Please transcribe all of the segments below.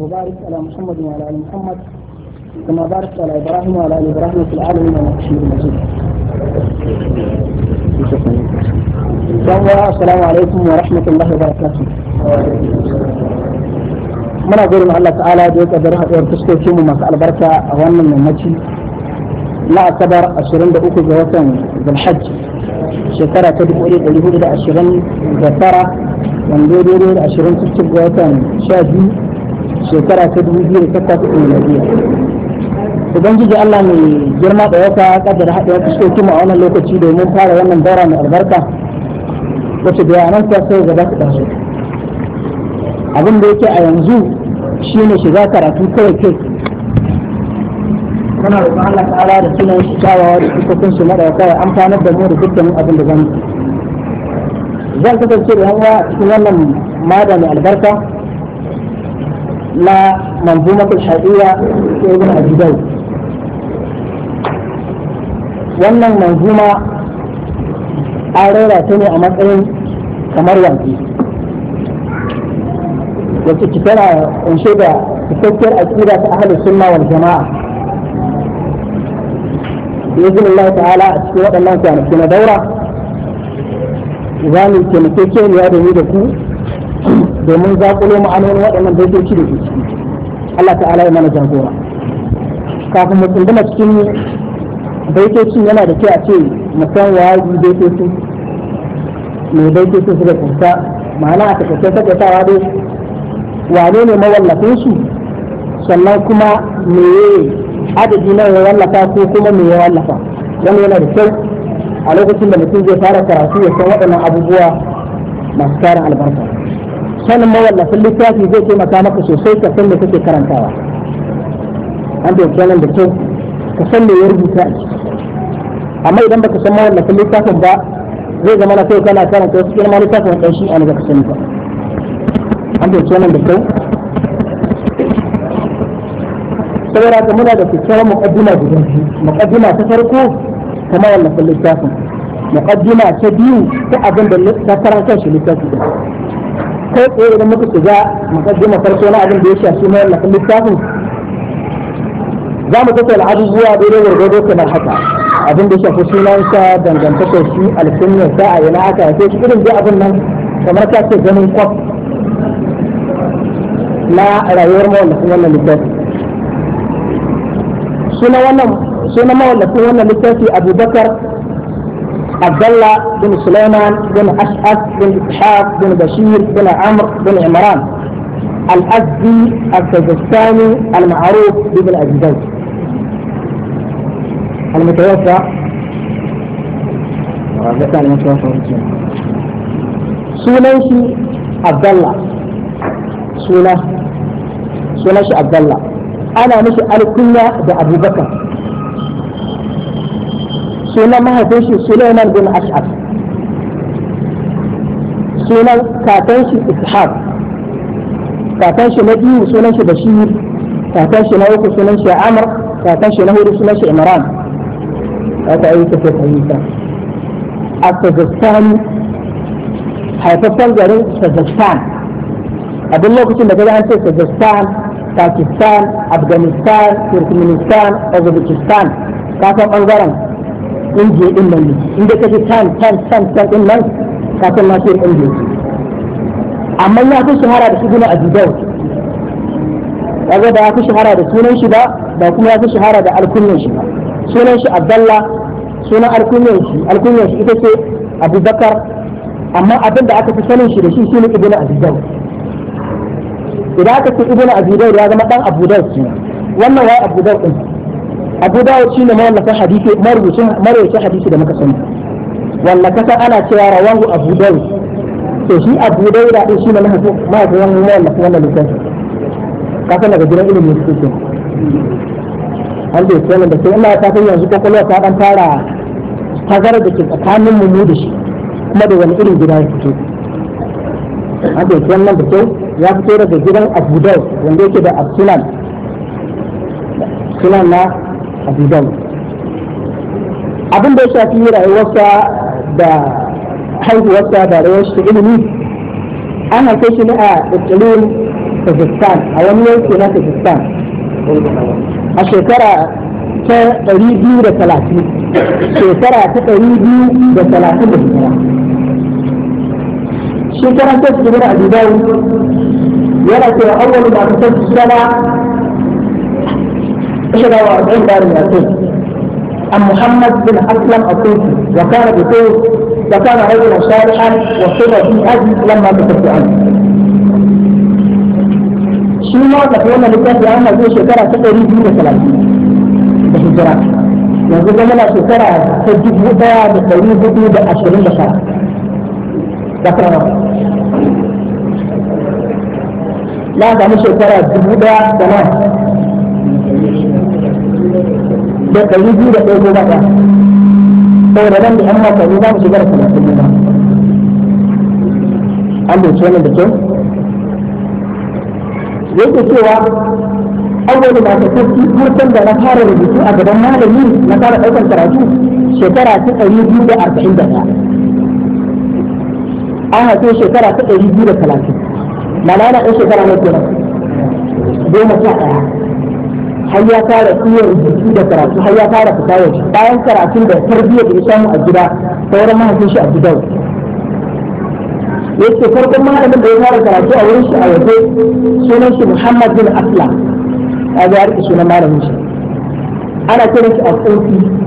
وبارك على محمد وعلى ال محمد كما باركت على ابراهيم وعلى ال ابراهيم في العالمين انك حميد مجيد. السلام عليكم ورحمه الله وبركاته. muna gode ma Allah ta'ala da ya kaddara haɗuwar fuskokin mu masu albarka a wannan yammaci na asabar 23 ga watan Zulhajj shekara ta 1429 wanda daidai da 20 ga watan 12 shekara ta dubu biyu da takwas Idan ubangiji allah mai girma da yaka kaddara haɗa wata fuskoki mu a wannan lokaci domin fara wannan daura mai albarka wacce bayanan ta sai gaba su ɗansu abin da yake a yanzu shine shiga karatu kawai kai muna roƙon allah ta'ala da sunan shi kyawawa da fuskokin su maɗauka ya amfanar da mu da dukkanin abin da yi. zan kasance da yan uwa cikin wannan madani albarka لا منظومة الحقيقة لابن أبي داود وأن المنظومة أريد أتني أمرين إيه؟ كمريم في وتكتنا أنشد تفكر أكيدة أهل السنة والجماعة بإذن الله تعالى أشكر الله تعالى في دورة وأنا كنت أتكلم يا بني domin za zaƙulo anon waɗannan baitoci da ke ciki Allah ta'ala ya mana jagora kafin mu tsunduma cikin cin yana da kyau a ce mu san wayi baitocin mai baitocin suka kusa ma'ana a takaice takaitawa dai wane ne mawallafin su sannan kuma meye adadi na ya wallafa ko kuma me ya wallafa dan yana da kyau a lokacin da mutum zai fara karatu ya san waɗannan abubuwa masu tarin albarka sanin mawallafin littafi zai taimaka maka sosai ka san me kake karantawa an bai kenan da kyau ka san me ya rubuta a ciki amma idan baka san mawallafin littafin ba zai zama na kai kana karanta wasu girma littafin ɗan shi an ga ka sani ba an bai kenan da kyau saboda ka muna da kyakkyawar muƙaddima guda biyu muƙaddima ta farko ta mawallafin littafin muƙaddima ta biyu ta abin da ta karanta shi littafin kai tsaye idan muka shiga mukaddima farko na abin da ya shafi mallakar littafin za mu tattauna abubuwa daidai gwargwado kamar haka abin da ya shafi sunansa dangantakar shi alfinnin sa a yana aka haife shi irin dai abin nan kamar ka ce ganin kwaf na rayuwar mawallafin wannan littafi wannan sunan mawallafin wannan littafi abubakar عبد الله بن سليمان بن أشعث بن إسحاق بن بشير بن عمرو بن عمران الأزدي السجستاني المعروف بابن أبي زيد المتوفى سوليشي عبد الله سوله سوليشي عبد الله انا مش الكنيه بابو بكر sunan mahaifin shi Sulaiman bin Ash'ab sunan kakan shi Ishaq kakan shi na biyu sunan shi Bashir kakan shi na uku sunan shi Amr kakan shi na hudu sunan shi Imran haka ayi ta ta fahimta a Kazakhstan haifaffen garin Kazakhstan a duk lokacin da kaga an ce Kazakhstan Pakistan Afghanistan Turkmenistan Uzbekistan kasan bangaren Inji ɗin nan ne in da kace tan tan tan tan ɗin nan ka san ma sai ƙungiya amma ya fi shahara da shuguna a Dubai kaga da ya fi shahara da sunan shi ba ba kuma ya fi shahara da alkunyan shi ba sunan shi Abdallah sunan alkunyan shi alkunyan shi ita ce Abubakar amma abin da aka fi sanin shi da shi shine Ibn Abi idan aka ce Ibn Abi Dawud ya zama dan Abu Dawud wannan wai Abu Dawud din abu dawo shi ne mawallafin hadisi marubucin marubuci hadisi da muka sani wallakata ana cewa rawan abu dawo to shi abu dawo da shi ne mahaifin mawallafin wannan littafi ka san daga gidan ilimin suke an da yake da sai Allah ta san yanzu kokolwa ta dan fara hazar da ke tsakanin mu da shi kuma da wani irin gida ya fito an da yake nan da kyau ya fito daga gidan abu dawo wanda yake da absunan sunan na abu dawud abin da ya shafi rayuwarsa da haihuwarsa da rayuwarsa ilimi an haife shi ne a ikilin kazakhstan a wani yanki na kazakhstan a shekara ta ɗari biyu da talatin shekara ta ɗari biyu da talatin da shekara shekara ta shekara a dubai yana cewa awwal ma ta sana سبعة وأربعين دار من أسود أم محمد بن أسلم أسود وكان بطول وكان رجلا صالحا وصدر في أجل لما تفت عنه شنو ما تقولنا لكي يعمل في شكرا تقريب من سلام بحجرا يقول لنا شكرا تجيب مدى بطريب بطريب بأشهرين بشرا ذكرا ما لا تعمل شكرا تجيب مدى بطريب da ɗari biyu da ɗaya ko ba ɗaya da nan da 'yan makonni za mu shiga da talatin ne ba an bincike wannan da kyau yake cewa awwal ma ta tafi farkon da na fara rubutu a gaban malami na fara ɗaukar karatu shekara ta ɗari biyu da arba'in da ɗaya an haife shekara ta ɗari biyu da talatin malala ɗan shekara na kenan goma sha ɗaya har ya fara tsiyar jiki da karatu har ya fara fita waje bayan karatun da tarbiyyar da ya samu a gida sauran mahaifin shi a gidan yake farkon malamin da ya fara karatu a wurin shi a waje sunan shi Muhammad bin Aslam a ga sunan malamin shi ana kiran shi a kofi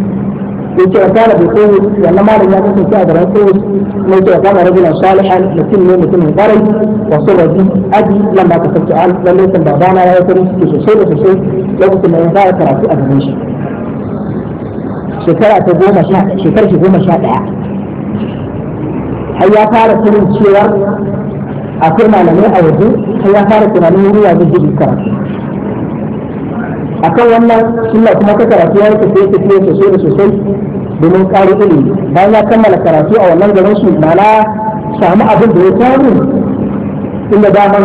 yace wa kana bi sai wannan malam ya kasance a gaban sai ne yace wa kana rajulan salihan mutum ne mutumin kwarai wa sirri abi lamma kasance an lalle san babana ya yi farin ciki sosai da sosai lokacin da ya fara karatu a gaban shi shekara ta goma sha shekara ta goma sha ɗaya har ya fara sanin cewa akwai malamai a waje har ya fara tunanin ruwa zai karatu akan wannan suna kuma ka karatu ya yake sai tafiye sosai da sosai domin ƙari ilimi bayan ya kammala karatu a wannan garin su mana samu abin da ya samu inda daman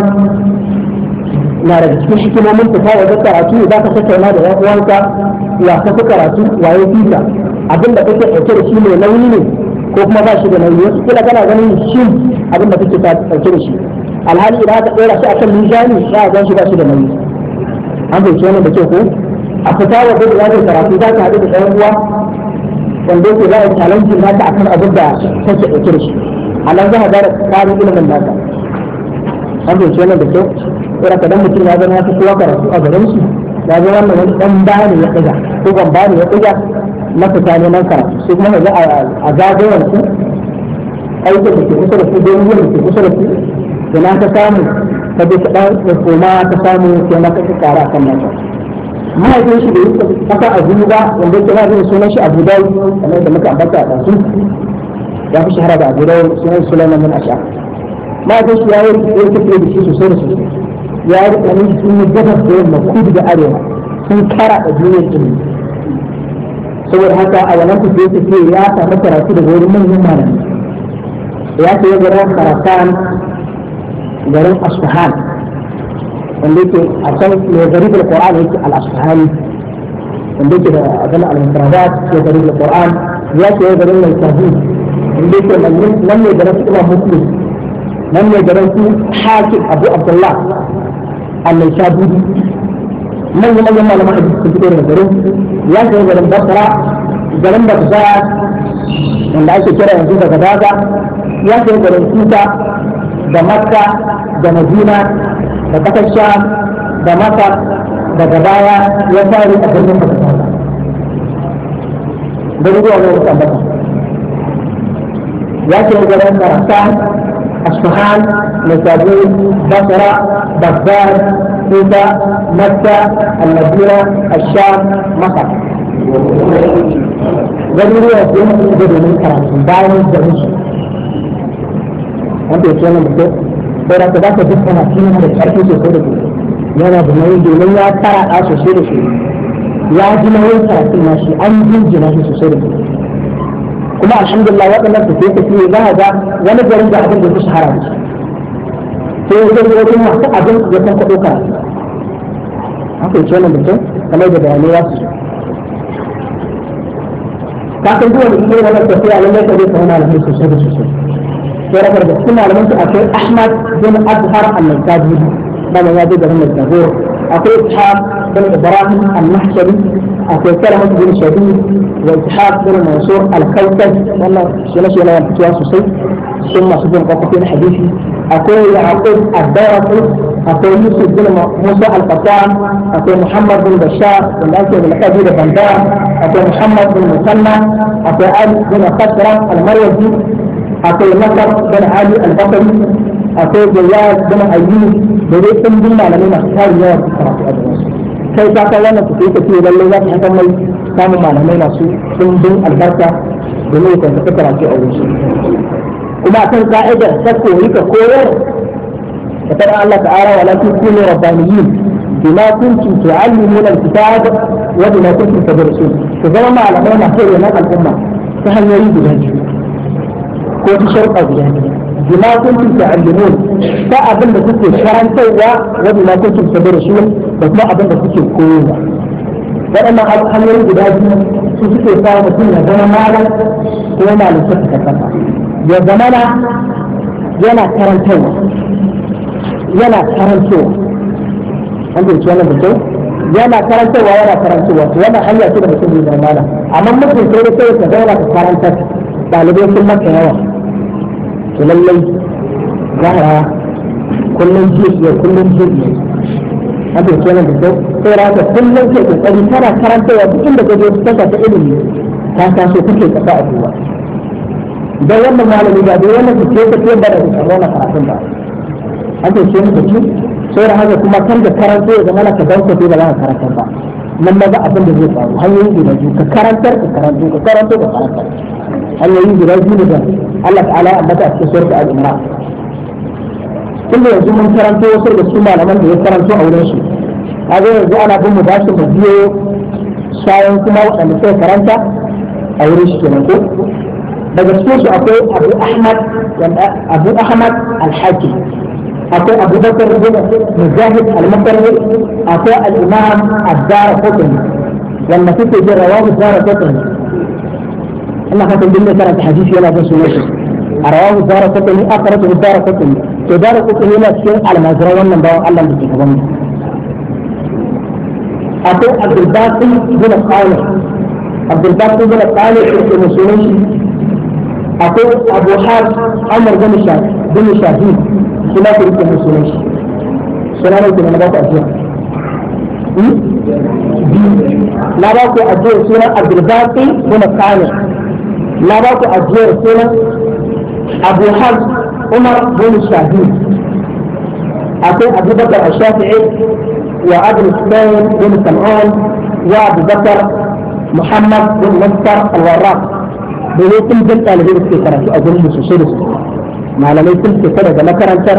na daga cikin shikimomin fita waje karatu za ka tattauna da yan ya ka fi karatu waye fita abin da kake ɗauke da shi mai nauyi ne ko kuma ba shi da nauyi wasu kila kana ganin shi abin da kake ɗauke da shi alhali idan aka ɗora shi kan mizani za a gan shi ba shi da nauyi an fahimci wannan da ke ko a fita wa duk zaka karatu za ka haɗu da ɗan uwa wanda yake za a challenge naka akan abin da kake ɗauke da shi a nan za ka gara tsarin ilimin naka an fahimci wannan da ke ko ka dan mutum ya zama ya fi kowa karatu a garin shi ya zama wannan wani ɗan bani ya ɗiga ko ban bani ya ɗiga na fita ne nan karatu sai kuma ka ga a zagayar su aikin da ke kusa da su don yin da ke kusa da su da na ka samu Ka bi ta dan koma ta samu ke maka ta kara kan mata mahaifin shi da yi haka a zuwa wanda ke rajin sunan shi abu dawud kamar da muka ambata a ɗansu ya fi shahara da abu dawud sunan sulaiman bin ashar mahaifin shi ya yi tafiye da shi sosai da sosai ya yi ƙanin sun yi gabas da yamma da arewa sun kara a duniyar ilimi saboda haka a wannan tafiye tafiye ya samu karatu daga wurin manyan malamai ya ce ya gara karatan جريم أصفحان وليكي أصلا من جريم القرآن هيك الأصفحاني وليكي أصلا المنطرابات في جريم القرآن وياكي هو جريم الكهوب وليكي من لم يجرم في إمام مسلم لم يجرم في حاكم أبو عبد الله أن يشابه من يوم يوم لما حد يكتبه من جريم وياكي هو جريم بصرة جريم بصرة من لا يكتبه من جريم بصرة وياكي هو جريم da makka da madina da kasar sham da masar daga baya ya fari a birnin pakistan da zuwa ne wata mata ya ce garin karaktan asfahan nasabi basara baghdad kufa makka al-madina a masar garuruwa sun da domin karatu bayan da musu an bai tsohon da sai da ka za ka duk kana shi yana da ƙarfi sosai da sosai yana da nauyi domin ya karaɗa sosai da sosai ya ji nauyin karatun na shi an jinjina shi sosai da sosai kuma alhamdulillah waɗannan su sai tafiye za a ga wani garin da abin da su shahara da shi sai ya zai wajen masu abin ya san kwaɗo karatu an bai tsohon da kamar da bayanai ya su ka san zuwa da iya wani tafiya lallai ka zai kawo malamai sosai da sosai ورفر أحمد بن أظهر النجازي بل يجب أن أقول إسحاق بن إبراهيم المحشري أقول كلمة بن شديد وإسحاق بن منصور الكوكب والله شلا شلا ينفتوا سوسي ثم يعقوب الدارة أقول يوسف بن موسى القطان أقول محمد بن بشار والأسر بن حبيب بن دار أقول محمد بن مسمى أقول آل بن خسرة المريضي akwai nasar bin ali al-bakari akwai jawaz bin ayyub da dai sun bin malamai masu tarin yawa su karatu a gaban kai ta kai wannan kuke ta ce lalle za ta hakan mai samun malamai masu sun bin albarka da ne kan ta karatu a wurin kuma akan ka'idar ta koyi ka koyar da fara Allah ta'ala wala tukunu rabbaniyin بما كنتم تعلمون الكتاب وبما كنتم تدرسون فزي ما علمنا خير لنا الأمة فهل يريد ذلك akwai sharuɗa guda bima kuntum ta'allimun ta abin da kuke karantarwa wa bima kuntum tadrusun da kuma abin da kuke koyarwa waɗannan hanyoyi guda biyu su suke sa mutum ya zama malam kuma malamta ta karkata ya zamana yana karantarwa yana karantarwa wanda ya ce wannan da kyau yana karantarwa yana karantarwa to wannan hanya ce da mutum zai zama malam amma mutum sai da sai ka zauna ka karantar ɗalibai sun maka yawa to lallai za a kullum jiya kullum jiya haka ke nan da kyau sai da haka kullum ke kokari tana karantarwa duk inda ka je tasha ta ilimi ta taso kake kasa a duba dan wannan malami ba da wannan ke ta ke da da wannan karatun ba haka ke nan da kyau sai da haka kuma kan da karanto ya zama ka dauka ba za ka karantar ba nan ma ba abin da zai faru hanyoyi guda biyu ka karantar ka karanto ka karanto ka karantar hanyoyi guda ne da Allah ta'ala ya ambata a cikin surat al-imran da yanzu mun karanto wasu da su malaman da ya karanto a wurin su kaga yanzu ana bin mu bashi mu biyo sayan kuma waɗanda suka karanta a wurin shi kenan ko daga cikin su akwai Abu Ahmad Abu Ahmad al-Hakim akwai Abu Bakar bin Mujahid al-Makarri akwai al-Imam ad-Darqutni wanda suke jin rawahu ad-Darqutni ina fatan duk mai karanta hadisi yana jin sunan shi a rawahu dara kutumi akhrajahu dara kutumi to dara kutumi yana cikin almajiran wannan bawan Allah da ke gaban mu akwai Abdul Basim bin Salih Abdul Basim bin Salih yake musulmi akwai Abu Hafs Amr bin Shafi bin Shafi suna ku rike musulmi shi suna rike na ba ku ajiya na ba ku ajiya suna Abdul Basim bin Salih na ba ku ajiyar sunan abu har umar bin shafi akwai abubakar a shafi'i wa abu sulayman bin sam'an wa abubakar muhammad bin nasar al-warraq domin sun jin ɗalibai da suke karatu a gurin sosai da sosai malamai sun fita daga makarantar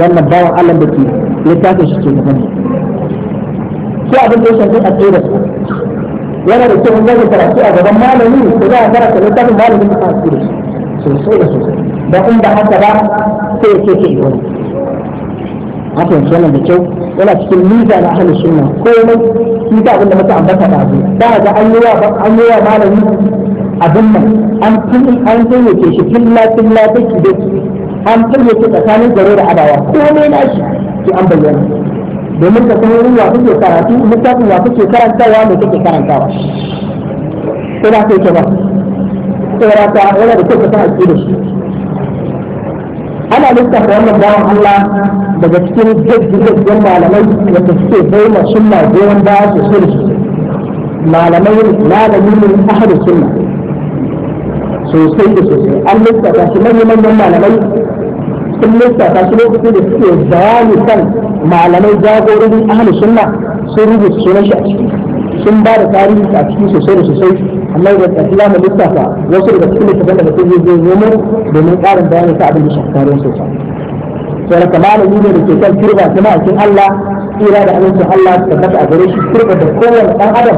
wannan bawan allah da ke littafin shi ke gaban su abin da ya shafi a tsere su yana da kyau zai karatu a gaban malami ko za a fara karanta littafin malamin da kan tsiri sosai da sosai da in ba haka ba sai ke ke wani haka yanzu yana da kyau yana cikin nisa na ahalin suna komai shi ta abin da muka ambata ba zai, da ga an yi wa malami abin nan an tuni an tuni shi filla filla daki daki an tuni tsakanin garo da adawa komai na shi ki an bayyana domin ka san wurin wa kake karatu littafin wa kake karantawa mai kake karantawa ina kai ke ba saboda ta yana da kyau ka san aƙidar shi ana lissafa wannan bawan Allah daga cikin gaggagaggen malamai wanda suke bai ma sunna goyon baya sosai da sosai malamai malami ne ahadu sunna sosai da sosai an lissafa shi manyan manyan malamai sun lissafa su lokacin da suke bayani kan malamai jagororin ahlus sunna sun rubuta sunan shi a ciki sun ba da tarihi a ciki sosai da sosai amma da Allah mu lissafa wasu daga cikin littafin da mutum zai zo domin ƙarin bayani ta abin da shafi tarihin sosai to da kamala ne da ke kan kirba ta ma'aikin Allah tsira da amincin Allah ta tabbata a gare shi kirba da kowane ɗan adam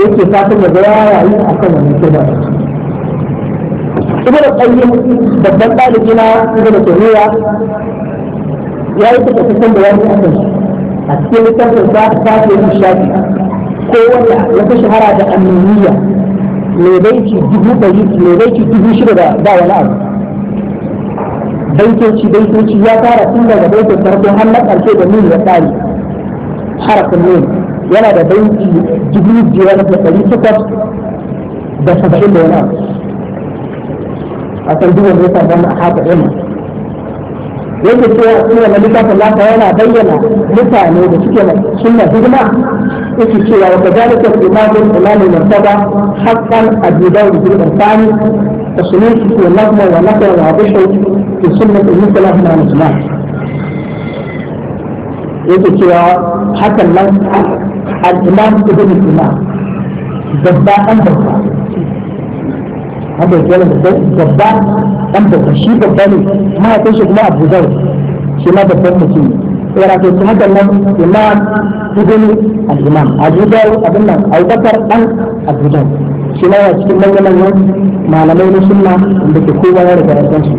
yake fatan da ya rayu akan wannan kirba ibn qayyim babban ɗalibi na ibn taymiya ya yi takaitaccen bayani a kan a cikin littafin sa ta ce shafi ko wanda ya fi shahara da annuniya mai baiti dubu ɗari mai baiti dubu shida da ba wani abu baitoci baitoci ya fara tun daga baitin farko har na ƙarshe da nuni ya tsari harafin nuni yana da baiti dubu biyar da ɗari takwas da saba'in da wani abu a san duba zai sa zama a haka ɗin yake cewa suna na littafin lafa yana bayyana mutane da suke na sunna hidima yake cewa wa kadalika imamu imamu martaba haqqan abu dawud bin al-thani tasmisu wa nahwa wa nahwa wa abishu fi sunnati al-muslim ma muslim yake cewa hakan nan al-imam ibn sina babba an babba an bai kyau da babba an babba shi babba ne mahaifin shi kuma abu zai shi ma babban mutum ne ya rafi kuma kallon imam ibn a imam abu zai abin nan dan abu zai shi ma ya cikin manya-manyan malamai na sunna da ke kowa ya riga ya san shi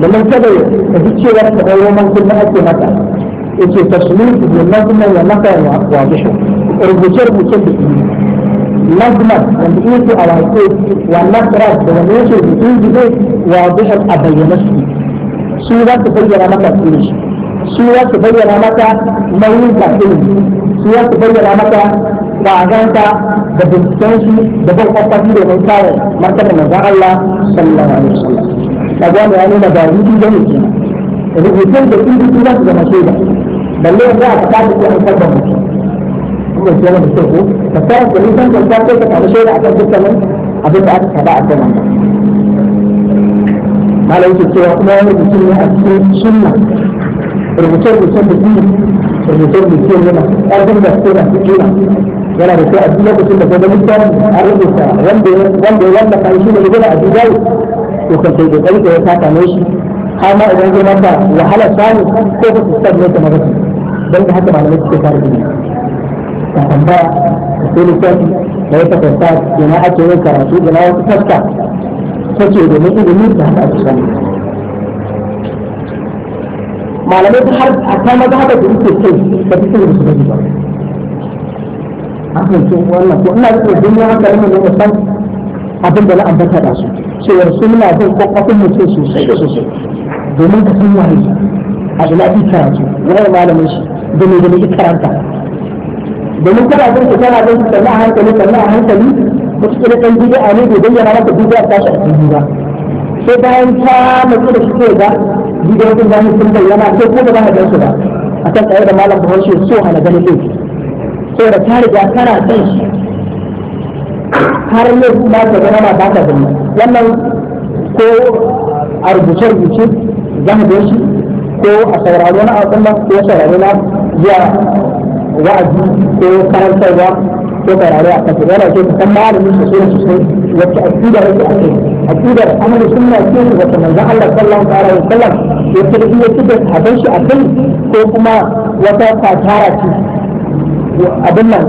domin kada ka ji cewa ka ɗan roman kullum ake maka yace tasmin ibn nazma ya maka wa wajihu rubuce-rubucen da لبلب والإيد أو الكيد والنقرب والنيش والإيد بيت واضحة أبينشي سورة تبين مكة كلش سورة تبين مكة نوين كثير سورة تبين مكة وعجانتا ببنتكنشي ببن قطبي ومن كاري مركب نزاع الله صلى الله عليه وسلم أجاني أنا مداريدي جميل رؤيتين بإيد سورة زمشيدة بل ليه لا أتكاد في أنفر بمكة tura ce wani shirku ka sa ku nisan ka sa ka samu shaida akan dukkanin abin da aka faɗa a kan malam ke cewa kuma wani mutum ne a cikin sunna rubuce-rubucen da biyu rubuce-rubucen yana ƙarfin da suke da juna yana da kyau a duk lokacin da gwada mutane a rubuta wanda ya wanda ka shi da gina a dubai to kan sai kokari da ya saka ne shi har ma idan zai maka wahala samu ko ka fuskar ne kamar don ka haka malamai suke fara gina ka tambaya ka sai littafi da ya tafarta ina ake yin karatu ina wata fuska take domin ilimi da haka ake samu malamai ta har a ta maza haka da yake kai ta fi sai musu gani ba a kan cin wannan ko ina da duniya haka ne mun san abin da na ambata da su cewar su muna bin kwakwafin mutum sosai da sosai domin ka san wani a ina fi karatu wani malamin shi da mai da mai karanta domin kana bin su kana bin su sannan a hankali sannan a hankali wasu kira ɗan bidi'a ne bai bayyana maka bidi'a ta shi a cikin ba sai bayan ta matsu da shi ga bidiyo din da sun bayyana sai ko ba za ka su ba a kan tsaye da malam bahaushe so hana ganin laifi da ta riga kana son shi har yau ba ka gana ma ba ka gani wannan ko a rubuce-rubuce za mu shi ko a sauraro na a ko sauraro na zuwa wa'azi ko karantarwa ko karare a kasa yana ce san malamin su suna sosai wacce akidar yake a kai akidar sunna ce wacce manzon Allah sallallahu alaihi wasallam ya tarbi ya da sahabban shi a kai ko kuma wata fatara ce abin nan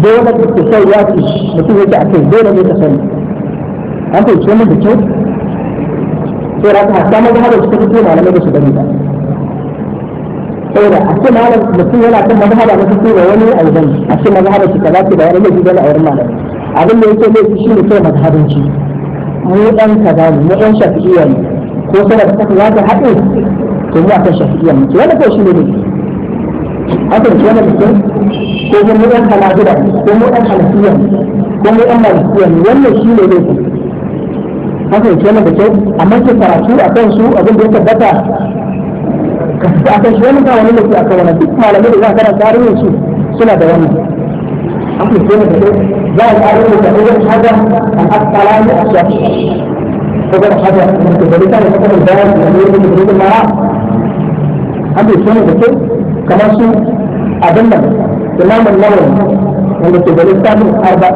dole ka ce sai ya ce mutum yake a kai dole ne ka sani an fahimci wannan da kyau sai ra ka hatta su ta fito malamai da su gani ba saboda a ce malam mutum yana kan mazhaba na fito da wani aljan a ce mazhaba shi kaza ce da wani laifi bane a wurin malam abin da yake laifi shine kai mazhabanci mu dan kaza ne mu dan shafi'iyya ne ko sanar da kaza ta haɗe to mu akan shafi'iyya mu ce wannan ko shine ne haka ne wannan mutum ko mu dan da ko mu dan halafiyya ko mu dan malikiyya ne wannan shine ne haka ne wannan da kyau amma ke karatu akan su abin da ya tabbata ka fita akan shi wani ba wani lafi akan wani duk malamai da za kana tarihin su suna da wannan akwai kuma da za a tarihin da ɗaya hajar an asala ne a shafi ko da hajar da da rika da kuma da bayan da ne da rika mara akwai kuma da ke kamar su abin nan imamun nawawi wanda ke da littafin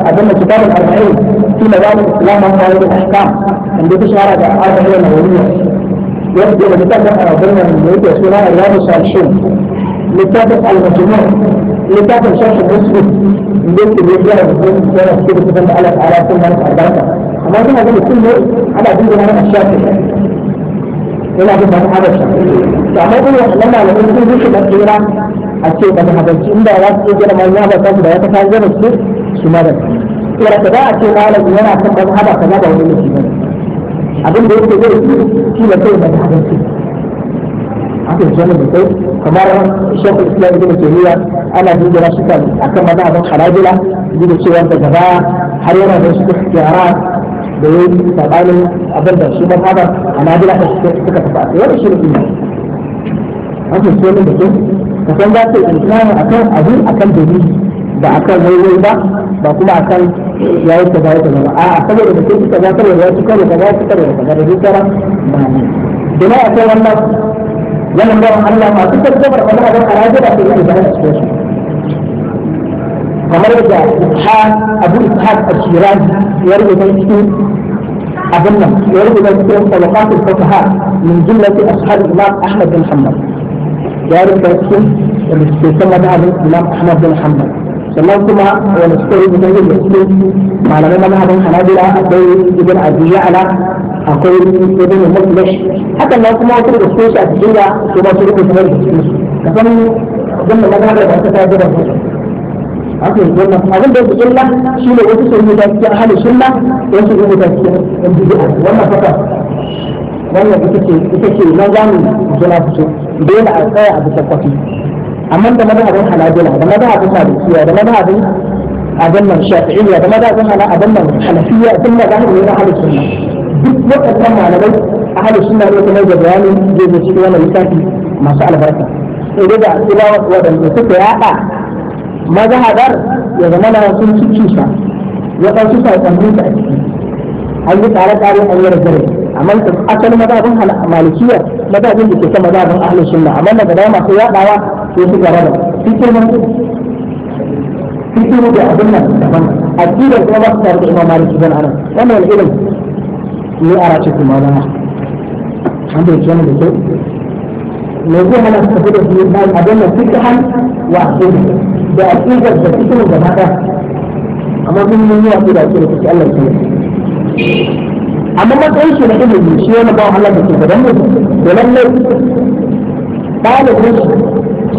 abin da kitabun arba'in fi mazamin islam an kawo da ahkam wanda ta shahara da arba'in nawawiya يبدو أن يتابع ربنا من المريد يسمى الله سالشون يتابع المجموع يتابع شخص مسجد يمكن يجعل المجموع الثاني كيف تتبع على على كل مرة أربعة أما أنا أقول كل على كل مرة أشياء كثيرة هنا هذا الشيء فأنا أقول لما لم يكن ذلك الأخيرة أشياء كما هذا الشيء إن دعوات يجعل ما ينعب الثاني بيات الثاني جمع السير سمارة كيف تتبع أشياء كما هذا الشيء abin da yake zai shi da kai da hadin shi haka shi da kai kamar shekul islam ibn taymiya ana duba shi kan akan mazhabin harajila duba cewa da gaba har yana da shi kiyara da yi tsakanin abin da shi mazhabin hanabila da shi suka tafi a wani shi ne haka shi da kai ka san za ta yi islamu akan abu akan dalili ba akan waiwai ba ba kuma a kan ya yi kaza ya kaza ba a saboda da kai kaza kare ya ci kare kaza ci kare kaza da dukkan ba ne dama akwai wannan wannan bawan Allah ma duk da bar wannan da alaji da kai da su kamar da ha abu ha ashiran ya rubuta cikin abin nan ya rubuta cikin tabaqatul fuqaha min jumlati ashab Imam Ahmad bin Hanbal ya rubuta cikin da ke sama da Imam Ahmad bin Hanbal sannan kuma wanda suka rubuta yin da su malamai mazhabin hanabila akwai ibn abi ya'la akwai ibn muflish hakan nan kuma wasu da su a cikin da su ba su rubuta da su da san wannan mazhabar da ta tafi da su haka yanzu wannan abin da yake illa shi ne wasu sun rubuta cikin ahli sunna wasu rubuta cikin bid'a wannan fata wannan ita ce ita ce na zamu jira fito dole a tsaya a bisa kwafi amma da mazhabin hanabila da mazhabin malikiya da mazhabin abin nan shafi'iyya da mazhabin hana abin nan hanafiya duk mazhabin ne na ahlus sunna duk waɗannan malamai ahlus sunna ne kuma da bayanin da yake cikin wannan littafi masu albarka sai dai da asira waɗanda suka yaɗa mazhabar ya zama na sun cikinsa ya ɗauki saƙonninsa a ciki an yi tsare-tsare an yi rajare amma asalin mazhabin malikiya mazhabin da ke kan mazhabin ahlus sunna amma daga dama masu yaɗawa ko suka raba fikirin fikirin da abin nan daban aqidar kuma ba su tare da imam maliki ban anan irin ne a race kuma ba an bai kiyama da kyau me zai hana su tafi da su abin nan wa aqidar da aqidar da fikirin gaba ɗaya amma sun yi yawa su da aqidar su Allah ya amma matsayin shi na ilimi shi yana ba wahalar da ke gaban mu da lallai ɗalibin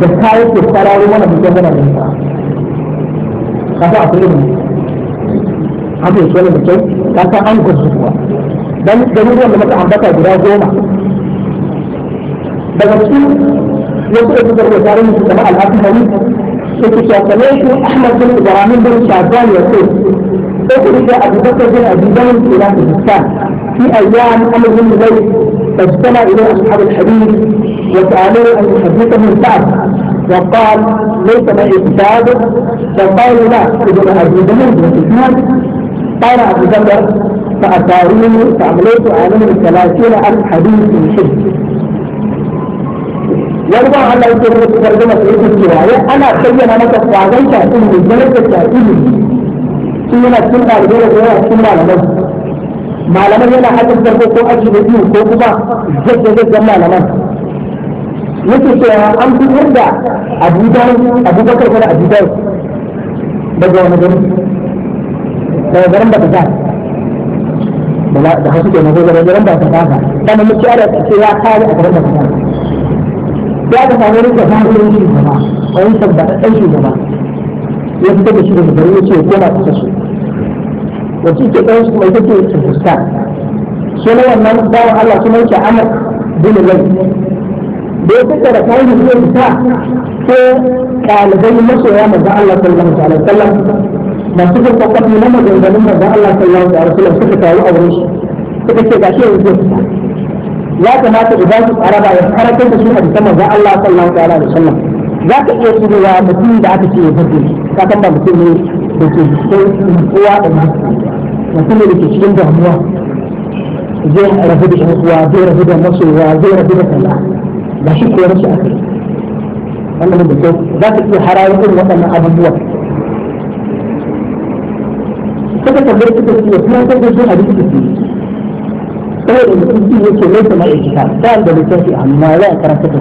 da ta yake fararo mana mutum muna da ta kafa a kullum an bai shi mutum ta san an gwaji kuwa dan garuruwan da muka ambata guda goma daga cikin wasu da suka rubuta tarihin su kamar al'adun yake shafale shi Ahmad bin Ibrahim bin Shazan ya ce أخرج أبو بكر بن أبي بكر إلى كردستان في أيام أمر بن زيد فاجتمع إلى أصحاب الحديث وسألوه أن يحدثهم البعض وقال ليس ما إفساد فقالوا لا ابن أبي ذر إفساد قال أبو ذر فأتاروني فأمليت عليهم ثلاثين ألف حديث من شرك yarda Allah ya ce ku karbi masa yake cewa ya ana bayyana maka kwazon shafin ne ganin da shafin ne shi yana cikin ɗalibai da yana cikin malamai yana hadin farko ko aji da biyu ko kuma zai zai malaman yake cewa an fitar da abubakar ko da abubakar daga wani gari daga garin ba ta sa da hasu ke mazo daga garin ba ta sa ta da muke ara ce ya kare a garin ba ta sa ya ta samu wani da ba su yi gaba wani sabba da ɗan shugaba ya fitar da shi daga gari ya ce ko na kusa su wacce ke ɗan su mai take su fuska sunan wannan bawan Allah sunan ke Amr bin Lawi da ya tattara kayan da zai fita ko ɗalibai masoya manzo Allah sallallahu alaihi wasallam masu jin kwakwafi na maganganun manzo Allah sallallahu alaihi wasallam suka taru a wurin su suka ce gashi yanzu ya kamata su ya karatar da su a bisa manzo Allah sallallahu alaihi wasallam za ka iya cirewa mutum da aka ce ya fita ka san ba mutum ne da ke cikin nutsuwa da mutum ne da ke cikin damuwa zai rabu da yan uwa zai rabu da masoya zai rabu da kalla ba shi koyar shi aka wannan da kyau za ka iya harawa irin waɗannan abubuwa suka tambaye suka ce kuma sai da shi hadisi da shi saboda mutum shi yake mai sama ya kita ta da littafi amma ya a karanta da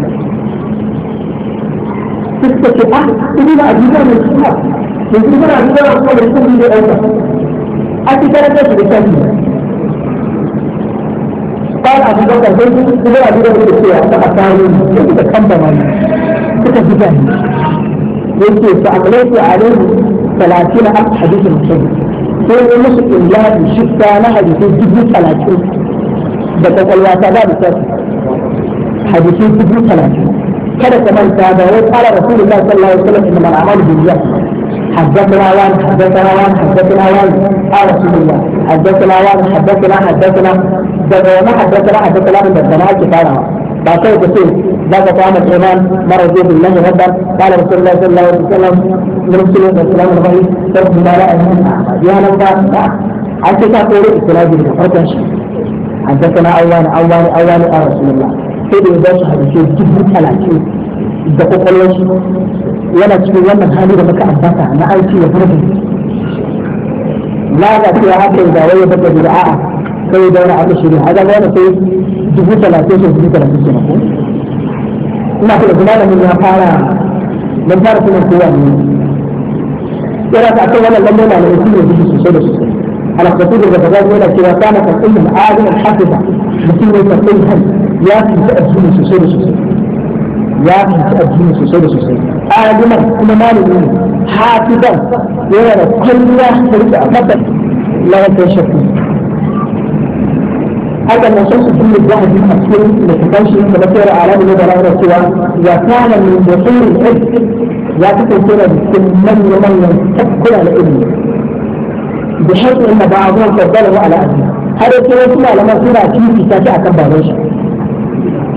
suka ce ah, a ibi na abubuwa mai kuma da kuma na abubuwa mai kuma da ya a cikin karanta shi da shi قال أبو بكر بيت إلى أبو بكر السيئة فأقالوا كيف تتخبر تتجدان يمكن فأقليت عليه ثلاثين ألف حديث مسلم sai yi musu injadu shifta na hadisi dubu talatin da kwakwalwata ba da sassu hadisi dubu talatin kada ka manta da wai tsara rasulullah sallallahu alaihi wasallam inna mal'amal bin yau حدثنا وان حدثنا وان حدثنا وان قال رسول الله حدثنا وان حدثنا حدثنا دغ وما حدثنا حدثنا من دغنا كتابا باكو تسيل ذاك قام الإيمان مر ذي بالله ربا قال رسول الله صلى الله عليه وسلم من رسول الله صلى الله عليه وسلم ترك مبارا يا نبا عن كتاب قولي اتلاه جدا فرقش حدثنا أولان أولان أولان رسول الله كيف يدوش هذا الشيء كيف yana cikin wannan hali da muka ambata na aiki da farko lalacewa haka da wai baka bid'a sai da wani abu shiri haka wani sai dubu talatin sai dubu talatin sai mako ina kula da malamin ya fara mun fara kuma kowa ne yana ta akan wannan lalle na ne kuma dubu sosai da sosai على الخطيب الغزالي يقول لك إذا كان تقي العالم الحافظ مثل تقي الهم يا في تأذن سوسي سوسي يا في تأذن سوسي سوسي aliman kuma malami ne hafizan yana da kwalliya da rike a masar lawatar shakku haka nan sun su kulle da hadin a cikin da ta kanshi da na tsere alamu ne da rawar cewa ya kana min da kullum aiki ya kasance da cikin manya-manyan takkuna na ilimi da haƙƙi inda ba a zuwa kwabbala wa ala'adu har yake wasu malaman suna fifita shi akan baban shi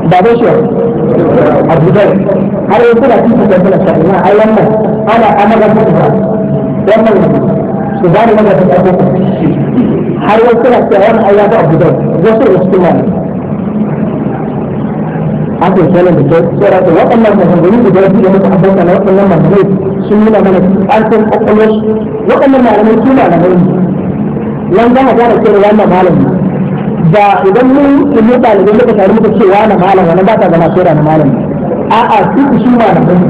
baban shi abu dai har yau kuna cikin da kuna shafi na ai wannan ana ana ga kuma wannan su ba ni maga ta ko har yau kuna cewa wannan ai ya ga abu dai wasu da cikin nan haka yana da kyau sai da waɗannan maganganun da ya fi da muka abota na waɗannan maganganun sun nuna mana ƙarfin ƙwaƙwalwarsu waɗannan malamai su malamai ne nan za a gane cewa wannan malami da idan mun ilmi ɗalibai muka tare muka cewa na malam wani ba ta zama sura na malam a su ku su malamai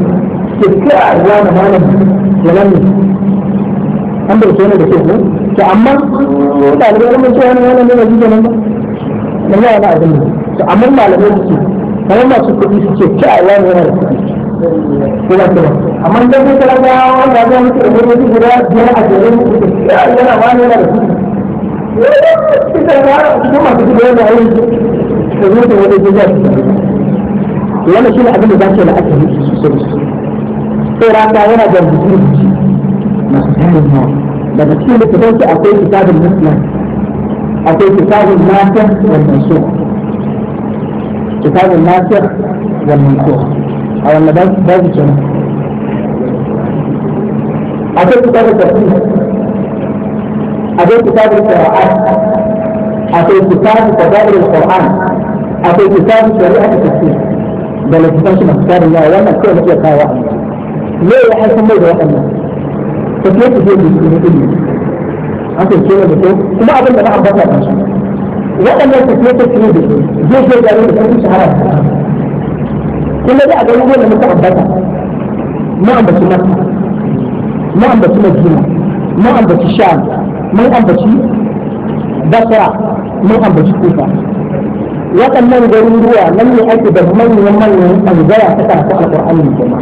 ke kira wani malam ne an bai tona da ke to amma ɗalibai wani malam ne ba nan ba na yawa na abin to amma malamai su ce kamar masu kuɗi su ce kira kuma kuma amma idan mun kira zai mutu da guda biyar a jere mutu da kira da kuɗi wani shi ne abin da za ce da ake yi sosai sai rata yana da rubutu masu tarin yawa daga cikin littafin su akwai kitabin muslim akwai kitabin nasir wal mansur kitabin nasir wal mansur a wannan babu kenan akwai kitabin tafsir akwai kitabul qur'an akwai kitabul fadailul qur'an akwai kitabul shari'atu tafsir da littafin shi masu tarin yawa wannan kawai muke kawo ne ya haifar mai da waɗannan tafiye tafiye da su ne ilimi an kai kewa da kyau kuma abin da na ambata kan su waɗannan tafiye tafiye da su zai ke gari da ƙarfin shahara kun da a garuruwan da muka ambata mu ambaci makka mu ambaci madina mu ambaci sha'an mun ambaci basra mun ambaci kufa waɗannan garin ruwa nan ne ake da manyan manyan ɓangara ta karatu alƙur'ani da kuma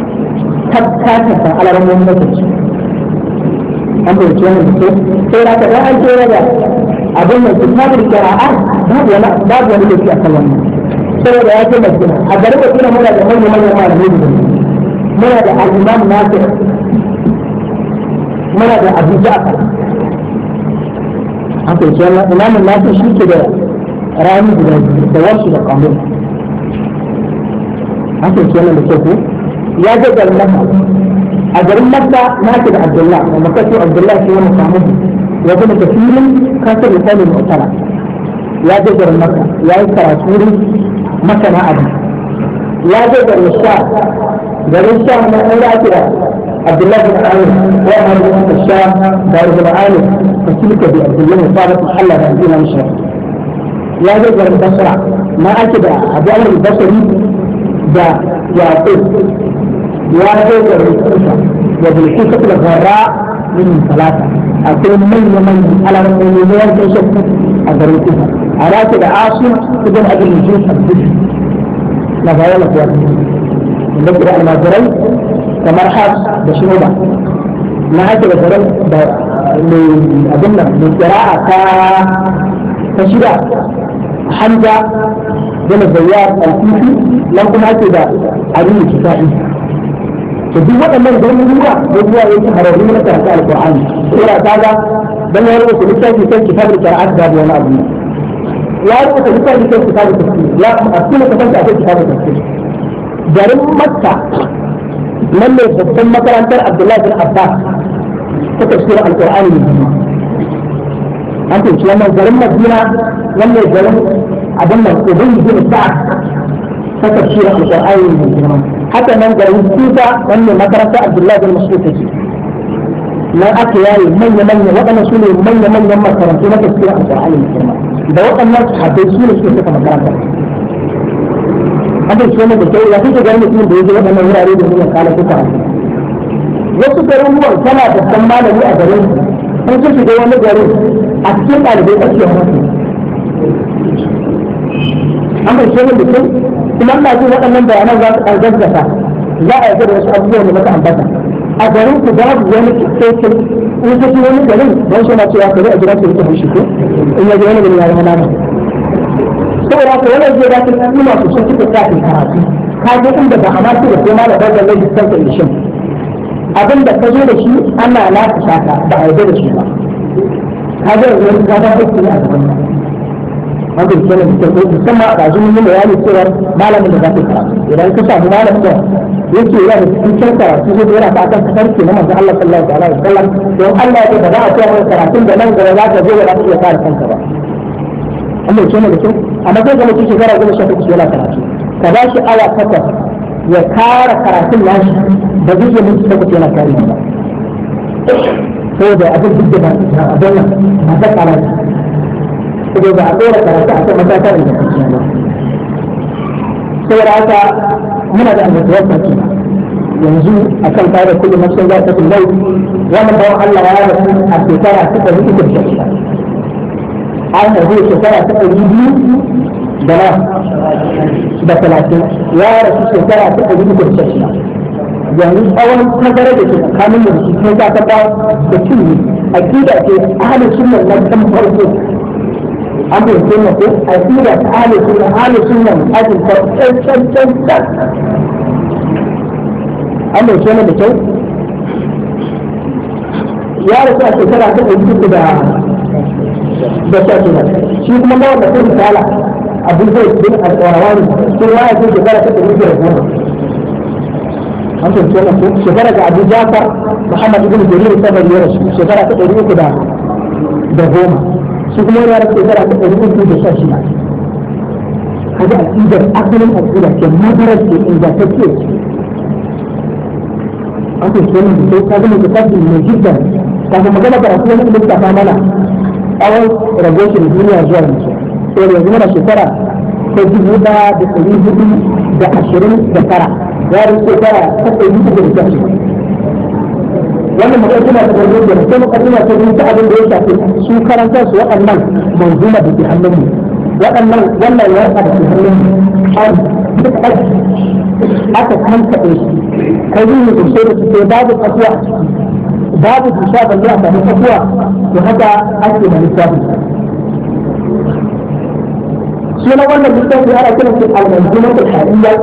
tattakan da alarmomin lokaci an bai ce wani ke sai da kaga an kera da abin nan kitabul qira'a babu wani babu wani lokaci a kan wannan saboda ya ce makina a garin makina muna da manyan manyan malamai da muna da al-imam nasir muna da abu ja'far haka ce wannan imamun nasu shi ke da rami guda da wasu da kamu haka ce wannan da kyau ya ga garin maka a garin maka na da abdullah da makasar abdullah ke wani kamu ya zama da filin kasar misalin mutala ya ga garin maka ya yi karatu wurin masana abu ya ga garin sha garin sha na ɗan da عبد الله بن عامر واهل الشام دار بن عامر فسلك بعبد الله بن صالح محل عندنا مشرف يا جزر البصرة ما أكد أبو عمر البصري دا يعقوب يا جزر وفي وبالحكة الغراء من ثلاثة أقول من ومن على من يمين تشك أدريتها أراك دا عاصم ابن أبي الجيش البشر لا فعلا فعلا نذكر أن ما kamar hafs da shuba na ake da tsaron da mai abin nan mai kira'a ta ta shida hamza zama zayyar alfifi nan kuma ake da abin da kifa'i to duk waɗannan ganin ruwa da ruwa yake hararru na karatu alƙur'ani sura ta ga dan ya rubuta littafi kan kitabul qira'at da wani abu ya rubuta littafi kan kitabul tafsir ya asili ka san ta kitabul tafsir garin makka من من خطهم مثلا ترى عبد الله بن عباس فتفسير القران من هنا انت مش لما ظلمنا فينا لما ظلم عبدنا ابن بن سعد فتفسير القران من هنا حتى من ظلم كوفا من مدرسه عبد الله بن مسعود ما أكل يعني من من وقنا سوني من من من مكرم في مكة سيرة القرآن الكريم إذا وقنا سحبت سوني سوني سوني سوني hadin ce da kyau ya kake ganin mutumin da ya je wurare da suka kala suka wasu garuruwan kana da san malami a garin sun ka shiga wani garin a cikin ɗalibai ɓarke masu an bai ce ne kyau kuma ina jin waɗannan bayanan za su ɗan za a yarda da wasu abubuwan da maka ambata a garin ku babu wani kyakkyakin in ka ji wani garin don suna cewa kare a gidan ku yake haushi ko in ya wani ya saboda haka wannan zai dace su masu sun cikin kafin karatu ka ga inda ba a ma su da kuma da bazan lai san ta ishin abin da ka zo da shi ana lafi saka ba a yarda da shi ba ka ga yanzu ka ga kuskure a gaban ka wanda ke nan cikin kai musamman a ɗazu mun yi bayani cewa malamin da za ka karatu idan ka samu malamin da yake yana da cikin karatu zai yana ta akan karfe na manzo Allah sallallahu alaihi wasallam don Allah ya ba za a ce karatun da nan gaba za ka zo da za ka iya kare kanka ba Allah ya ce ne da kyau amma sai ga mutum shekara goma sha takwas yana karatu ka ba shi awa takwas ya kara karatun nashi ba zai yi mutum takwas yana kare ba saboda abin duk da ba a abin nan ba ta karatu saboda a tsora karatu a kan matata da ta cikin ba saboda haka muna da almatuwar sarki yanzu a kan kare kullum na sun za ta tun lau wani bawan Allah ya rasu a shekara suka yi ita da shekara an haihu shekara ta ɗari biyu da na da talatin ya rasu shekara ta ɗari biyu da yanzu tsawon tazarar da ke tsakanin da shi kai za ta ba da cinye aƙida ce ahalin sunan nan kan farko an bai sunna ko aƙida ta ahalin sunan ahalin sunan ajin farko can can can an bai sunna da kyau ya rasu a shekara ta ɗari biyu da da ta tuna shi kuma ba wanda sai misala abu zai bin al-qarawani sai ya shekara ta dubu biyar goma an tuntu wannan ko shekara ga Abu Jafar Muhammad ibn Jarir sabari ya rasu shekara ta ɗari uku da goma shi kuma ya rasu shekara ta ɗari uku da sha shida kaga al'idar asalin al'idar ke madarar ke ingantacce an tuntu wannan ko kaga mai tafi mai jiddan kafin magana da rasulun ibn Tafa mana tsawon ragon shi duniya zuwa yanzu to yanzu muna shekara ta dubu da da ɗari hudu da ashirin da tara ya shekara ta ɗari hudu da ashirin wannan mukaddima ta farko da ta mukaddima ta biyu ta abin da ya shafi su karanta su waɗannan manzuma da ke hannun mu waɗannan wannan ya da ke hannun mu an duk aji aka kankaɗe su kai yi da shi da su babu kasuwa babu su sha balle a sami kafuwa to haka ake da littafi sunan wannan littafi ana kiran su al-manzumat al-hadiyya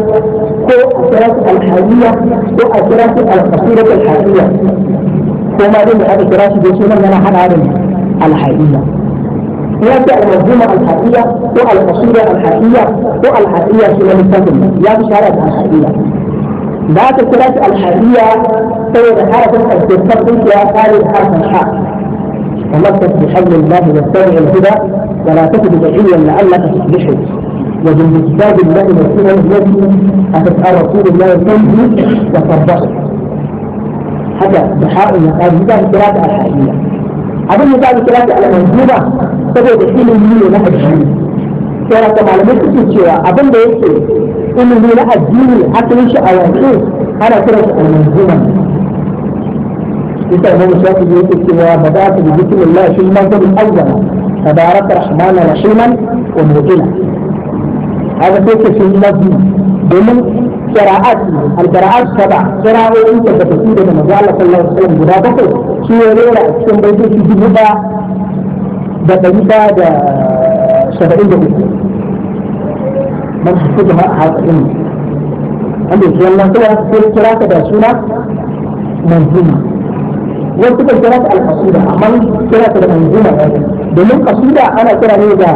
ko asirat al-hadiyya ko asirat al-qasirat al-hadiyya ko ma dai da aka kira shi da sunan yana hada da al-hadiyya ya ce al-manzuma al-hadiyya ko al-qasida al-hadiyya ko al-hadiyya sunan littafin ya fi shara da al-hadiyya بعد aka الحالية shi alhadiya saboda في alfisar din ya kare تمسك بحبل الله واتبع الهدى ولا تكن بدعيا لعلك تصلحه وبالكتاب الله والسنة الذي أتت رسول الله تنهي وصدقه هذا بحاء المقام هذا القراءة الحقيقية أظن هذا القراءة المنظومة تبدو بحيل مني ونحن شيء كانت معلومات تشوى أظن ده ilimi na addini asalin shi a yanzu ana kira shi al-manzuma يسأل ابن شاكر يكتب بدات بذكر الله في المنزل الأول تبارك رحمن رحيما ومؤمنا هذا ذكر في النبي ضمن قراءات القراءات سبع قراءة أنت تفسير من الله صلى الله عليه وسلم guda bakwai shi ya rera a cikin baitoci dubu ɗaya da ɗari ɗaya man hasibha aqim an da shi wannan sai ya kira ka da suna manzuma wasu kan kira ta al-qasida amma kira ta da manzuma domin qasida ana kira ne da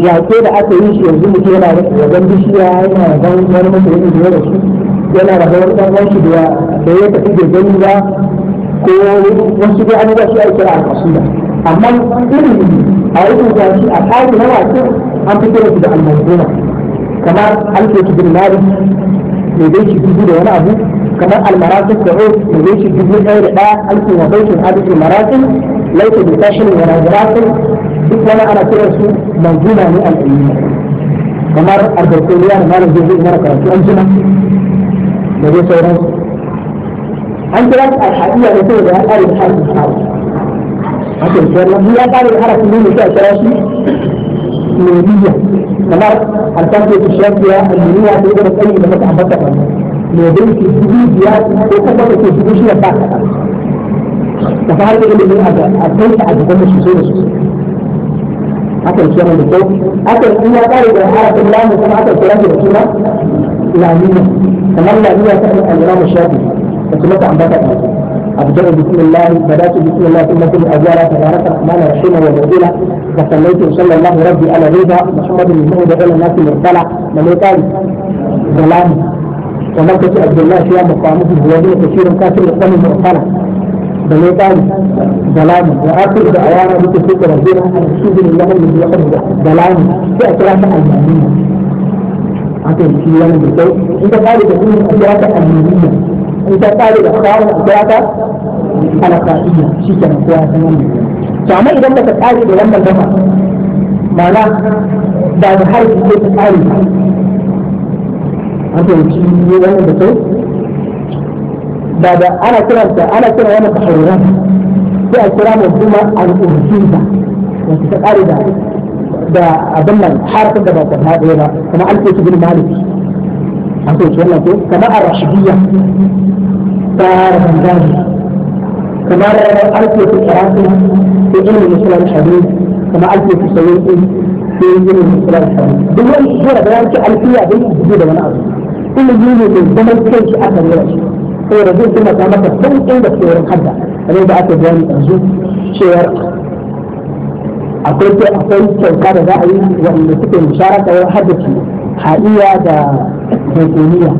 yaƙe da aka yi shi yanzu mutum yana wajen bishiya yana wajen wani mutum yana da da yana da wani ɗan wani shi da ya tafi da gani ba ko wasu da an shi ake kira a kasida amma irin a yi shi a kayan na wasu an fi kira su da almanzuma kamar alfetu bin malik mai zai shi dubu da wani abu kamar almaratin da rai mai zai shi dubu ɗaya da ɗaya alfin wa baitin hadisin maratin laifin da tashin wa naziratin duk wani ana kiran su manzuma ne al'ilmi kamar albarkoliya da malam zai zai mara karatu an jima da zai sauransu an kira su al'adiyya da sai da ya ƙare da harafin hawa a kan ya ƙare da harafin ne mai kyau a kira shi mai kamar harkar da su shafiya almuniya da yadda kai da maka ambata ba ne da yake dubu biyar ko kuma da ke dubu shida ba da fara da ilimin a kai ta a gaban da sosai da sosai akan kira da kyau akan in ya kare da harafin lamu kuma akan kira da suna lamiya kamar lamiya ta al'amuran shafi da kuma ta ambata ba أبدأ بسم الله بدأت بسم الله ثم كل أولا تبارك الرحمن الرحيم والمعدلة وصليت وصلى الله ربي على رضا محمد بن المهدى إلى الناس مرسلة من يقال سلام ومكة عبد الله فيها مقامه وزن كثير كافر يقوم مرسلة من يقال ظلام وآخر دعوانا بتوفيق ربنا أن رسول الله الذي يقال ظلام في أطراف المؤمنين عشان في يوم الجو أنت قال تكون أطراف المؤمنين in ta kare da kawun a kira ta alaƙa'iyya shi ke nan kowa san wannan to amma idan ba ta kare da wannan gama ma'ana da da harfi ce ta kare an fahimci ne wannan da kai da da ana kiranta ana kiran wannan tahawuran sai a kira mai kuma al'urfinta wacce ta kare da da abin nan harfin da ba ta ɗaya ba kuma alƙoci bin maliki an fahimci wannan ko kamar a rashidiyya ta ramadan kamar alfi su karatu sai ilmi musulun hadis kamar alfi su sayin in sai ilmi musulun hadis duk wani shekara da yanki alfiya dai su da wani abu ilmi ne mai zaman kai shi aka rera Sai da zai kuma ta maka sauƙin da sauran hadda kamar da aka bayani yanzu cewar akwai akwai kyauta da za a yi wanda suke musharaka wa haddace haɗiya da haikoniya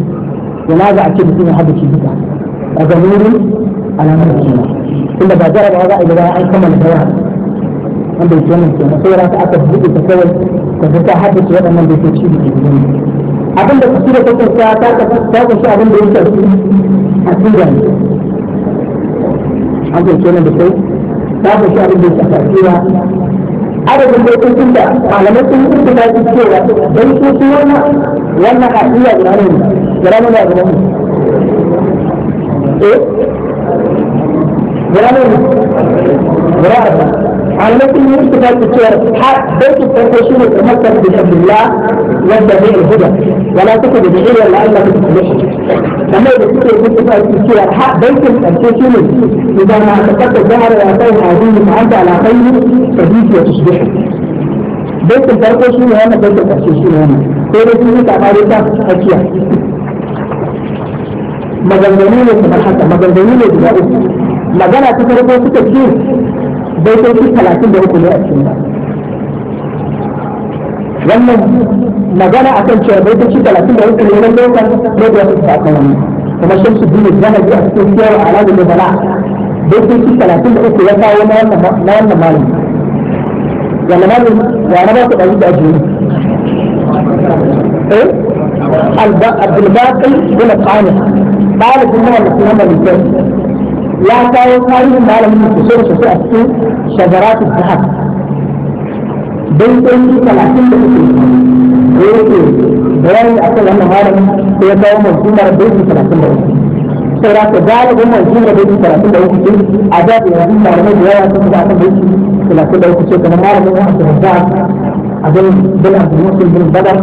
yana za a ce mutum ya ke duka وضمير على من الجنة إلا إذا جرب هذا إلى أن كم الجواب عند الجنة الجنة سيرا تأكد بيك تكوي تفتح حد الجواب من بيك تشيب الجنة أبن تفسير تكون ساعتا تفتح شيء أبن بيك تفسير عند الجنة بيك تفتح شيء أبن بيك تفسير ada benda itu juga kalau mesti itu kita itu dia dan itu semua yang nak dia jalan jalan dia jalan ايه جرامر جرامر التي يمسك الدكتور حتى التفاصيل تمسك بحبل الله واتبع الهدى ولا تكن بدعيا لانك تصلح كما يذكر المسلم الكثير حق بيت التفاصيل اذا ما اعتقدت الظهر يعطيه هذه فانت على خير تزيد وتصبح بيت التفاصيل هنا بيت التفاصيل هنا كل شيء تعمل حكيه maganganu ne kamar haka maganganu ne guda uku magana ta farko suka ce baitoci talatin da uku ne a cikin wannan magana a kan cewa baitoci talatin da uku ne na lokacin lokacin su ta wani kuma shan shamsu dini zahabi a cikin siyar alamu da bala baitoci talatin da uku ya kawo na wannan malami wanda malami wanda ba su ɗari da jini eh abdulbaqi bin qanif malamin nan da sunan malikai ya kawo tarihin malamin da sosai sosai a cikin shagaratu zahab don ɗauki talatin da suke da yake bayani a kan wannan malamin da ya kawo manzumar baiti talatin da uku sai da ka galibin manzumar baiti talatin da uku ce a da da yanzu malamai da yawa sun da akan baiti talatin da uku ce kamar malamin wa asirin zahab abin bin abdul musul bin badar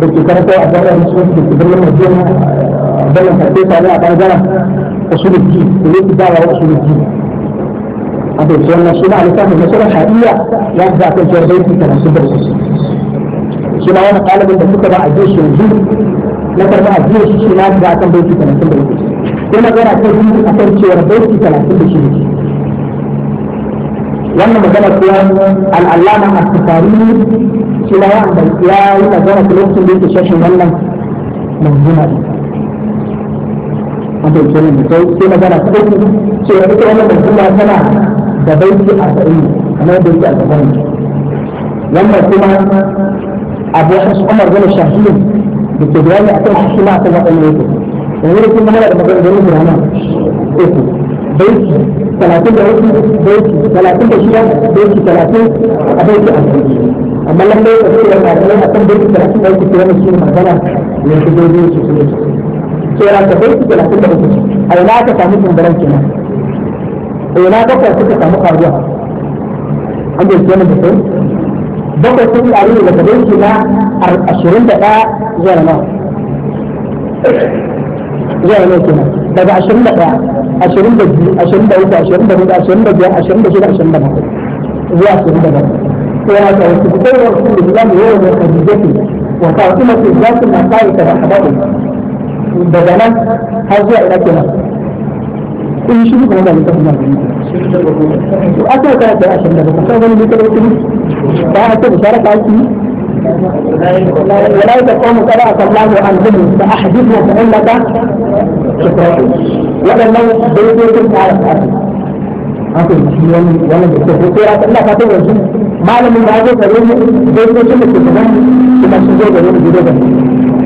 da ke karanta a zarar musulunci da ke birnin madina ربنا تربيت عليها بردرة أصول الدين كلية الدعوة وأصول الدين هذا الجوال مسؤول عن فهم المسألة الحقيقية يبدأ في الجوازين في تناسب الرسول شنو أنا قال من بسيطة بقى الجيش والجيل لكن بقى الجيش شنو أنا بقى كان بيتي تناسب الرسول كما كان أكيد أكيد شيء بيتي تناسب الرسول wannan magana kuwa al'allama a tsakari shi na ya yi magana lokacin da yake shashin wannan manzuma aka yi kiran da kai sai magana ta ɗauki da ita wannan basira tana da baiti a sa'i kamar da yake a gaban wannan kuma abu hasu umar gana shahiyin da ke bayani akan kuma akan waɗannan yake yanzu kuma mana da magana da yin rana uku baiti talatin da uku baiti talatin da shida baiti talatin a baiti a sa'i amma lallai da su yana da akan da yake da su da da su magana ne su su kenan ka kai talatin da uku a ina ka samu kumbaran kenan a ina bakwai suka samu karuwa an bai kenan da kai bakwai sun karu daga gaban shi na ashirin da ɗaya zuwa nawa zuwa nawa kenan daga ashirin da ɗaya ashirin da biyu ashirin da uku ashirin da hudu ashirin da biyar ashirin da shida ashirin da bakwai zuwa ashirin da bakwai kenan ka wasu kusurwar su da zuwa mai yawan wasu da zai wa ta'atumatu zasu na kayi ta da haɗaɗin daga nan har zuwa ina kenan in shi kuma da littafin nan to aka ka da ashirin da ba ka wani littafin ba a ce bishara ba ki ولا يقوم قراءة الله عنهم فأحدثنا فإنك شكرا ولا لو بيتكم على الأرض haka shi wani wani da kuma ko Allah ka tabbata shi malamin da ya zo kare mu dai ko shi ne kuma shi shi zo da wani gidan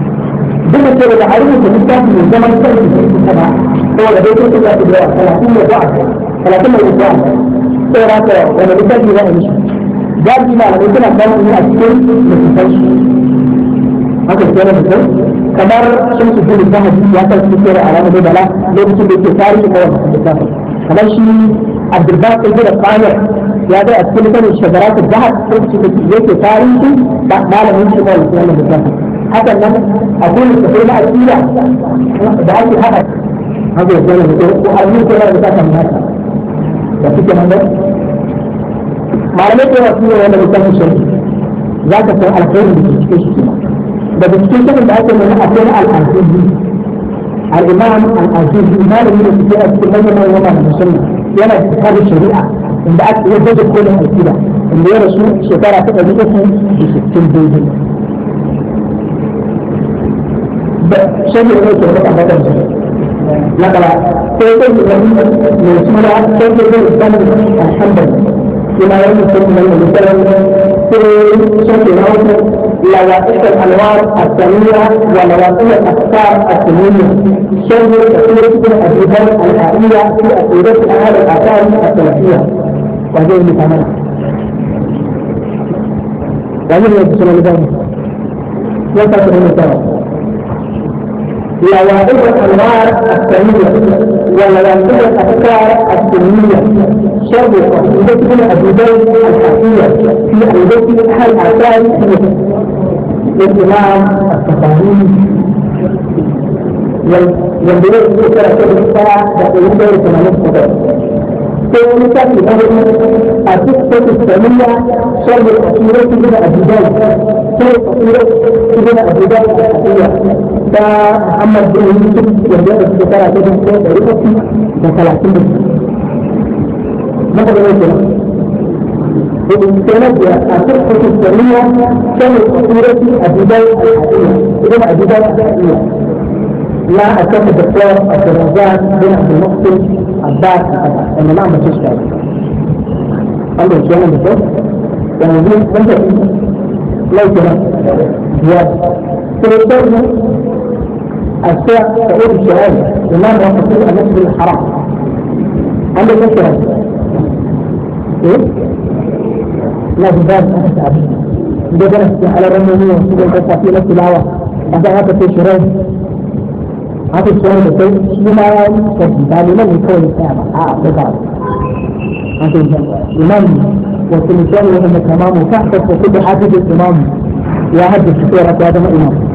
duk da cewa da har yi da littafi mai zaman kansu ne su kama saboda dai kuka su da yawa da ba'a da ba'a sai ra ta wanda littafi za a mishi za su yi malamai suna samun ne a cikin littafansu haka su yana mutum kamar sun su gudu ta ya kan su kera alama da bala lokacin da ke tarihi kawai da littafin kamar shi abdulbaq ibn qamir ya ga a cikin littafin shagaratul bahar lokacin da yake tarihi malamin shi kawai da littafin hakan nan akwai littattafai na akida da ake haɗa haka ya zama da ko an yi kira da kasan nasa da suke nan dai malamai da yawa ne wanda mutane shi za ka san alkhairin da cikin shi kuma daga cikin sabon da ake nuna akwai na al'azizi al'imam al'azizi malami da suke a cikin manyan wata da musamman yana da shari'a inda aka yi da kolin akida inda ya rasu shekara ta ɗari uku da sittin daidai shaidar ne ke wata tabbatar da na kala sai sai da wani mai suna sai da zai zama alhamdulillah kuma ya yi sun mai misalar sai shaidar na wata لواسط الانوار السميره ولواسط الافكار السميه شهر تسويه الرجال الحائيه في اسئله اهل الاثار السلفيه وهذه لوائح الأنوار السنية ولوائح الأفكار السنية شرح قصيدة أبي بكر الحكية في عودته هل أتاي الإمام التقاويم ينبغي أن يكون الساعة تقريبا 8 قطع sai wani tafi na wani a duk da islamiyya sharri a turai su gina abubuwan sai a turai su gina abubuwan a ta muhammad bin da suka ta dubu ɗaya ɗari da talatin da maka da yake Kenan ya a cikin islamiyya sharri a turai a a يا أكتب الدكتور الدرازان بن عبد المقصد عباس أنا ما عم بشوف شيء. الله يسلم الدكتور. يعني دي أنت لا يسمع. يا دكتور أشياء تقول الشهادة وما ما تقول أنا في الحرام. عندك أنت إيه؟ لا بباب أنت عبد. بدرس على رمضان وسيدنا الرسول صلى الله عليه وسلم. هذا في شرائه haka ce da sai shi ma ya yi sarki ba liman ne kawai tsaya ba a akwai ba haka ce liman wasu misali wanda kamamu ka ta kudu hajjajin imamu ya haddace tsoron ya zama imamu